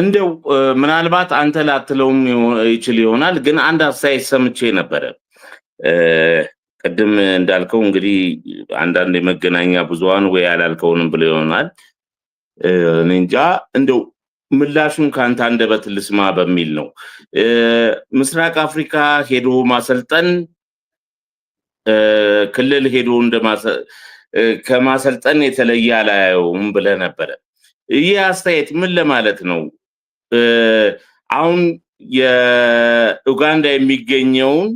እንደው ምናልባት አንተ ላትለውም ይችል ይሆናል፣ ግን አንድ አስተያየት ሰምቼ ነበረ። ቅድም እንዳልከው እንግዲህ አንዳንድ የመገናኛ ብዙኃን ወይ ያላልከውንም ብሎ ይሆናል። እንጃ እንደው ምላሹን ከአንተ አንደበት ልስማ በሚል ነው። ምስራቅ አፍሪካ ሄዶ ማሰልጠን ክልል ሄዶ ከማሰልጠን የተለየ አላየውም ብለህ ነበረ። ይህ አስተያየት ምን ለማለት ነው? አሁን የኡጋንዳ የሚገኘውን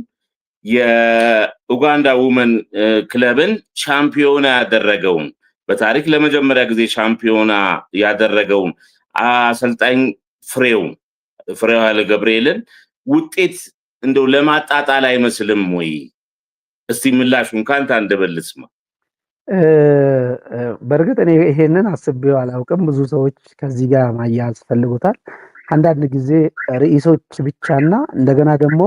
የኡጋንዳ ውመን ክለብን ሻምፒዮና ያደረገውን በታሪክ ለመጀመሪያ ጊዜ ሻምፒዮና ያደረገውን አሰልጣኝ ፍሬው ፍሬው ኃይለ ገብርኤልን ውጤት እንደው ለማጣጣል አይመስልም ወይ? እስቲ ምላሹን ካንተ እንደበልስማ። በእርግጥ እኔ ይሄንን አስቤው አላውቅም። ብዙ ሰዎች ከዚህ ጋር ማያያዝ ፈልጎታል። አንዳንድ ጊዜ ርዕሶች ብቻና እንደገና ደግሞ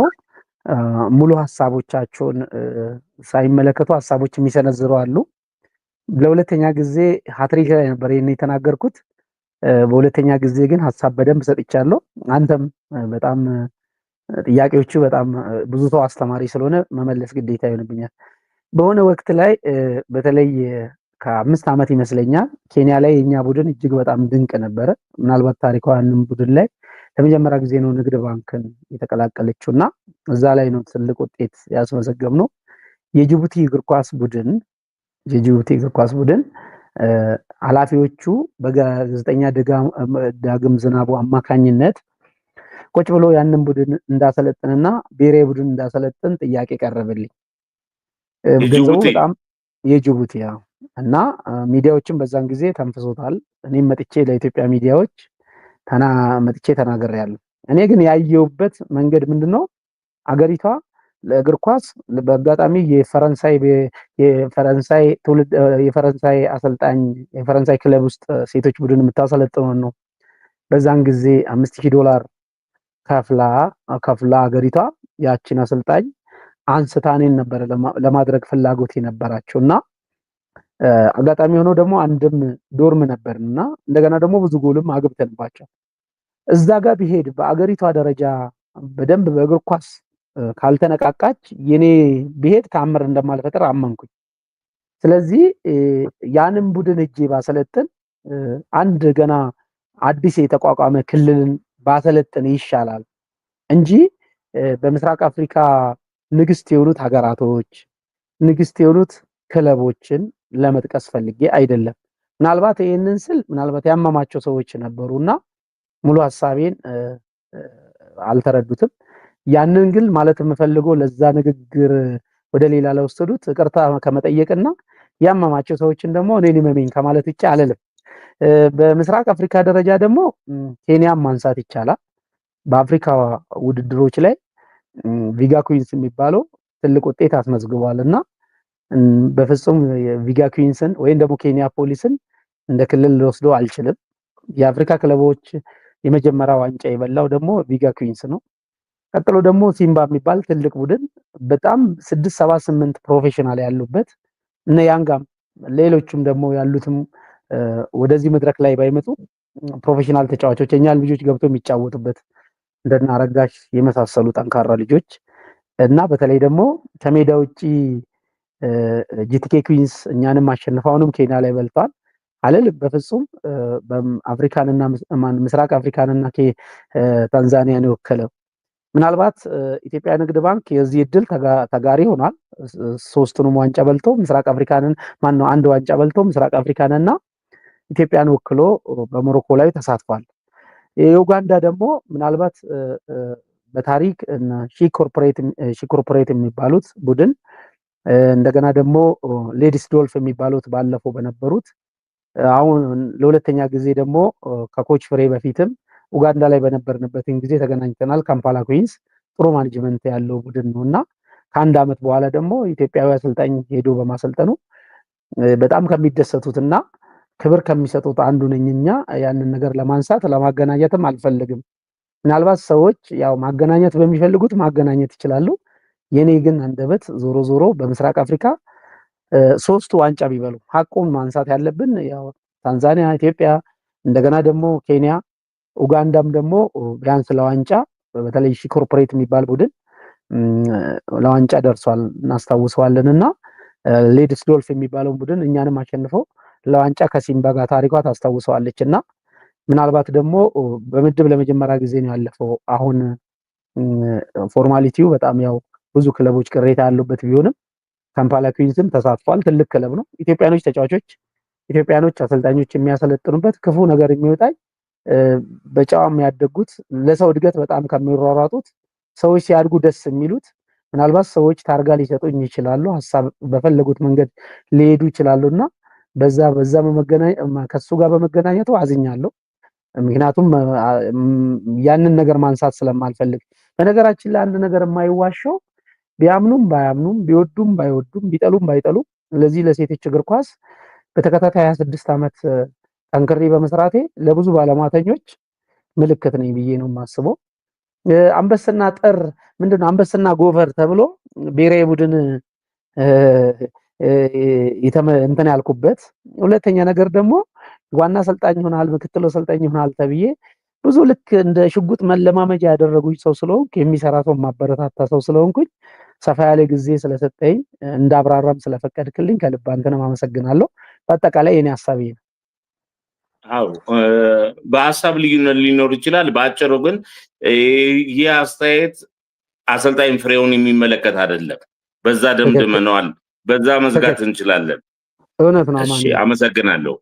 ሙሉ ሀሳቦቻቸውን ሳይመለከቱ ሀሳቦች የሚሰነዝሩ አሉ። ለሁለተኛ ጊዜ ሀትሪክ ላይ ነበር ይህን የተናገርኩት። በሁለተኛ ጊዜ ግን ሀሳብ በደንብ ሰጥቻለሁ። አንተም በጣም ጥያቄዎቹ በጣም ብዙ ሰው አስተማሪ ስለሆነ መመለስ ግዴታ ይሆንብኛል። በሆነ ወቅት ላይ በተለይ ከአምስት ዓመት ይመስለኛል ኬንያ ላይ የእኛ ቡድን እጅግ በጣም ድንቅ ነበረ። ምናልባት ታሪኳንም ቡድን ላይ ለመጀመሪያ ጊዜ ነው ንግድ ባንክን የተቀላቀለችው እና እዛ ላይ ነው ትልቅ ውጤት ያስመዘገብ ነው። የጅቡቲ እግር ኳስ ቡድን የጅቡቲ እግር ኳስ ቡድን ኃላፊዎቹ በጋዜጠኛ ዳግም ዝናቡ አማካኝነት ቁጭ ብሎ ያንን ቡድን እንዳሰለጥንና ብሔራዊ ቡድን እንዳሰለጥን ጥያቄ ቀረበልኝ። ገንዘቡ በጣም የጅቡቲ እና ሚዲያዎችን በዛን ጊዜ ተንፍሶታል። እኔም መጥቼ ለኢትዮጵያ ሚዲያዎች መጥቼ ተናግሬያለሁ። እኔ ግን ያየሁበት መንገድ ምንድን ነው? አገሪቷ ለእግር ኳስ በአጋጣሚ የፈረንሳይ የፈረንሳይ ትውልድ የፈረንሳይ አሰልጣኝ የፈረንሳይ ክለብ ውስጥ ሴቶች ቡድን የምታሰለጥነውን ነው። በዛን ጊዜ አምስት ሺህ ዶላር ከፍላ ከፍላ ሀገሪቷ ያችን አሰልጣኝ አንስታኔን ነበረ ለማድረግ ፍላጎት የነበራቸው እና አጋጣሚ የሆነው ደግሞ አንድም ዶርም ነበር እና እንደገና ደግሞ ብዙ ጎልም አግብተንባቸው እዛ ጋር ቢሄድ በአገሪቷ ደረጃ በደንብ በእግር ኳስ ካልተነቃቃች የኔ ብሄድ ተአምር እንደማልፈጠር አመንኩኝ። ስለዚህ ያንም ቡድን እጄ ባሰለጥን አንድ ገና አዲስ የተቋቋመ ክልልን ባሰለጥን ይሻላል እንጂ በምስራቅ አፍሪካ ንግስት የሆኑት ሀገራቶች ንግስት የሆኑት ክለቦችን ለመጥቀስ ፈልጌ አይደለም። ምናልባት ይህንን ስል ምናልባት ያመማቸው ሰዎች ነበሩ እና ሙሉ ሀሳቤን አልተረዱትም። ያንን ግን ማለት የምፈልገው ለዛ ንግግር ወደ ሌላ ለወሰዱት ይቅርታ ከመጠየቅና ያመማቸው ሰዎችን ደግሞ እኔን ይመመኝ ከማለት ውጭ አልልም። በምስራቅ አፍሪካ ደረጃ ደግሞ ኬንያን ማንሳት ይቻላል። በአፍሪካ ውድድሮች ላይ ቪጋ ኩዊንስ የሚባለው ትልቅ ውጤት አስመዝግቧል እና በፍጹም ቪጋ ኩዊንስን ወይም ደግሞ ኬንያ ፖሊስን እንደ ክልል ልወስዶ አልችልም። የአፍሪካ ክለቦች የመጀመሪያ ዋንጫ የበላው ደግሞ ቪጋ ኩዊንስ ነው። ቀጥሎ ደግሞ ሲምባ የሚባል ትልቅ ቡድን በጣም ስድስት ሰባ ስምንት ፕሮፌሽናል ያሉበት እነ ያንጋም ሌሎቹም ደግሞ ያሉትም ወደዚህ መድረክ ላይ ባይመጡ ፕሮፌሽናል ተጫዋቾች የኛ ልጆች ገብቶ የሚጫወቱበት እንደና አረጋሽ የመሳሰሉ ጠንካራ ልጆች እና በተለይ ደግሞ ከሜዳ ውጭ ጂቲኬ ኩዊንስ እኛንም አሸንፈ አሁንም ኬንያ ላይ በልቷል አለል በፍጹም አፍሪካንና ምስራቅ አፍሪካንና ታንዛኒያን የወከለው ምናልባት ኢትዮጵያ ንግድ ባንክ የዚህ እድል ተጋሪ ሆኗል። ሶስቱንም ዋንጫ በልቶ ምስራቅ አፍሪካንን ነው አንድ ዋንጫ በልቶ ምስራቅ አፍሪካንና ኢትዮጵያን ወክሎ በሞሮኮ ላይ ተሳትፏል። የኡጋንዳ ደግሞ ምናልባት በታሪክ ሺ ኮርፖሬት የሚባሉት ቡድን እንደገና ደግሞ ሌዲስ ዶልፍ የሚባሉት ባለፈው በነበሩት አሁን ለሁለተኛ ጊዜ ደግሞ ከኮች ፍሬ በፊትም ኡጋንዳ ላይ በነበርንበትን ጊዜ ተገናኝተናል። ካምፓላ ኩዊንስ ጥሩ ማኔጅመንት ያለው ቡድን ነው እና ከአንድ ዓመት በኋላ ደግሞ ኢትዮጵያዊ አሰልጣኝ ሄዶ በማሰልጠኑ በጣም ከሚደሰቱት እና ክብር ከሚሰጡት አንዱ ነኝኛ ያንን ነገር ለማንሳት ለማገናኘትም አልፈልግም። ምናልባት ሰዎች ያው ማገናኘት በሚፈልጉት ማገናኘት ይችላሉ። የኔ ግን አንደበት ዞሮ ዞሮ በምስራቅ አፍሪካ ሶስቱ ዋንጫ ቢበሉ ሀቁን ማንሳት ያለብን ያው ታንዛኒያ፣ ኢትዮጵያ እንደገና ደግሞ ኬንያ፣ ኡጋንዳም ደግሞ ቢያንስ ለዋንጫ በተለይ ሺ ኮርፖሬት የሚባል ቡድን ለዋንጫ ደርሷል እናስታውሰዋለን። እና ሌድስ ዶልፍ የሚባለውን ቡድን እኛንም አሸንፈው ለዋንጫ ከሲምባ ጋር ታሪኳ ታስታውሰዋለች። እና ምናልባት ደግሞ በምድብ ለመጀመሪያ ጊዜ ነው ያለፈው። አሁን ፎርማሊቲው በጣም ያው ብዙ ክለቦች ቅሬታ ያሉበት ቢሆንም ካምፓላ ኩዊንስም ተሳትፏል። ትልቅ ክለብ ነው። ኢትዮጵያኖች ተጫዋቾች፣ ኢትዮጵያኖች አሰልጣኞች የሚያሰለጥኑበት ክፉ ነገር የሚወጣኝ በጨዋም የሚያደጉት ለሰው እድገት በጣም ከሚሯሯጡት ሰዎች ሲያድጉ ደስ የሚሉት ምናልባት ሰዎች ታርጋ ሊሰጡኝ ይችላሉ፣ ሀሳብ በፈለጉት መንገድ ሊሄዱ ይችላሉ እና በዛ በዛ ከሱ ጋር በመገናኘቱ አዝኛለሁ። ምክንያቱም ያንን ነገር ማንሳት ስለማልፈልግ በነገራችን ላይ አንድ ነገር የማይዋሸው ቢያምኑም ባያምኑም ቢወዱም ባይወዱም ቢጠሉም ባይጠሉም ለዚህ ለሴቶች እግር ኳስ በተከታታይ 26 ዓመት ጠንክሬ በመስራቴ ለብዙ ባለሟተኞች ምልክት ነኝ ብዬ ነው የማስበው። አንበስና ጠር ምንድነው? አንበስና ጎፈር ተብሎ ብሔራዊ ቡድን እንትን ያልኩበት ሁለተኛ ነገር ደግሞ ዋና አሰልጣኝ ይሆናል፣ ምክትል አሰልጣኝ ይሆናል ተብዬ ብዙ ልክ እንደ ሽጉጥ መለማመጃ ያደረጉኝ ሰው ስለሆንኩ የሚሰራ ሰው ማበረታታ ሰው ስለሆንኩኝ ሰፋ ያለ ጊዜ ስለሰጠኝ እንዳብራራም ስለፈቀድክልኝ ከልብ አንተንም አመሰግናለሁ። በአጠቃላይ የኔ ሀሳብ ነው። አዎ በሀሳብ ልዩነት ሊኖር ይችላል። በአጭሩ ግን ይህ አስተያየት አሰልጣኝ ፍሬውን የሚመለከት አይደለም። በዛ ደምድመነዋል። በዛ መዝጋት እንችላለን። እውነት ነው። አመሰግናለሁ።